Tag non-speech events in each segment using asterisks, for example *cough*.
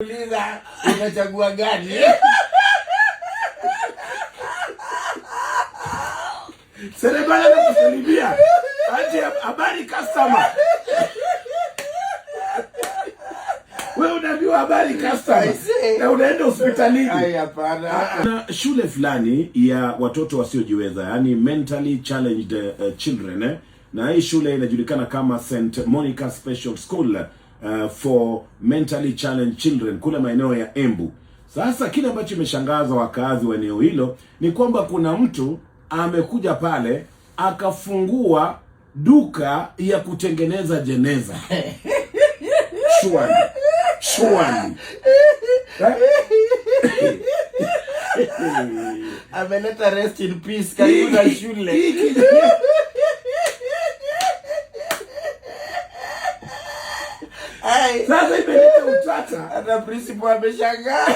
Uliza unachagua gani? Seremala nakusalimia. Aje habari customer. Wewe unaambiwa habari customer. Na unaenda hospitalini. Ai, hapana. Ah, ah. Na shule fulani ya watoto wasiojiweza, yani mentally challenged uh, children eh? Na hii shule inajulikana kama St Monica Special School uh, for mentally challenged children kule maeneo ya Embu. Sasa kile ambacho imeshangaza wakazi wa eneo hilo ni kwamba kuna mtu amekuja pale akafungua duka ya kutengeneza jeneza *laughs* shwani shwani ameleta rest in peace karibu na shule Sasa imeleta utata. Hata principal ameshangaa.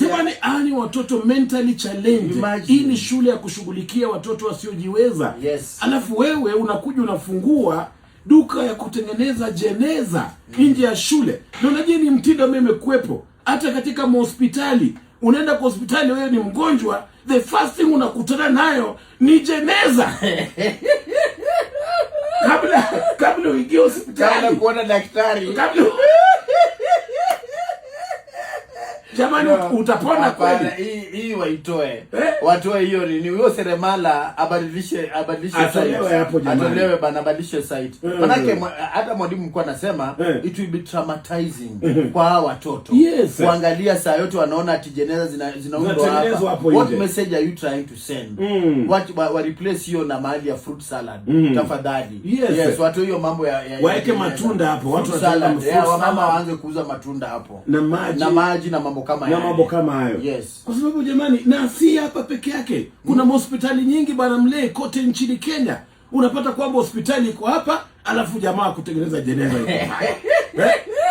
Jamani, ani watoto mentally challenged. Hii ni shule ya kushughulikia watoto wasiojiweza. Yes. Alafu wewe unakuja unafungua duka ya kutengeneza jeneza mm. nje ya shule, na unajua ni mtindo ambaye imekuwepo hata katika mahospitali unaenda kwa hospitali, wewe ni mgonjwa, the first thing unakutana nayo ni jeneza *laughs* kabla kabla uingie hospitali, kabla kuona daktari, kabla jamani, utapona kweli? Hii waitoe, eh? watoe hiyo nini, huyo seremala abadilishe, abadilishe site, atolewe bana, abadilishe site. Eh. Manake hata mwalimu mkuu anasema eh. it will be traumatizing eh. kwa hawa watoto yes, kuangalia saa yote wanaona ati jeneza zinaundwa hapa. What message are you trying to send? mm. What wa wa replace hiyo na mahali ya fruit salad mm. tafadhali. Yes, yes watu hiyo mambo ya waeke matunda hapo, watu wa mama waanze kuuza matunda hapo na maji na mambo kama na mambo kama hayo yes. Kwa sababu jamani, na si hapa peke yake, kuna mahospitali mm. nyingi bwana Mlee, kote nchini Kenya unapata kwamba hospitali iko hapa alafu jamaa kutengeneza jeneza iko *laughs* eh?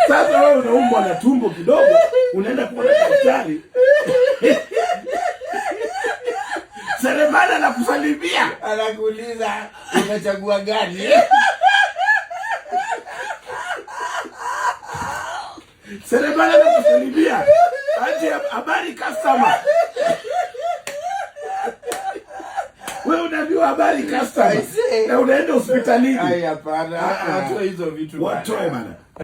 Sasa wewe unaumwa na tumbo kidogo, unaenda kuona daktari *laughs* seremala anakusalimia, anakuuliza unachagua gani? seremala anakusalimia aje habari customer. Wewe unajua habari customer na unaenda hospitalini. Hai Hapana, watoe ah, ah, hizo vitu. Watoe bana.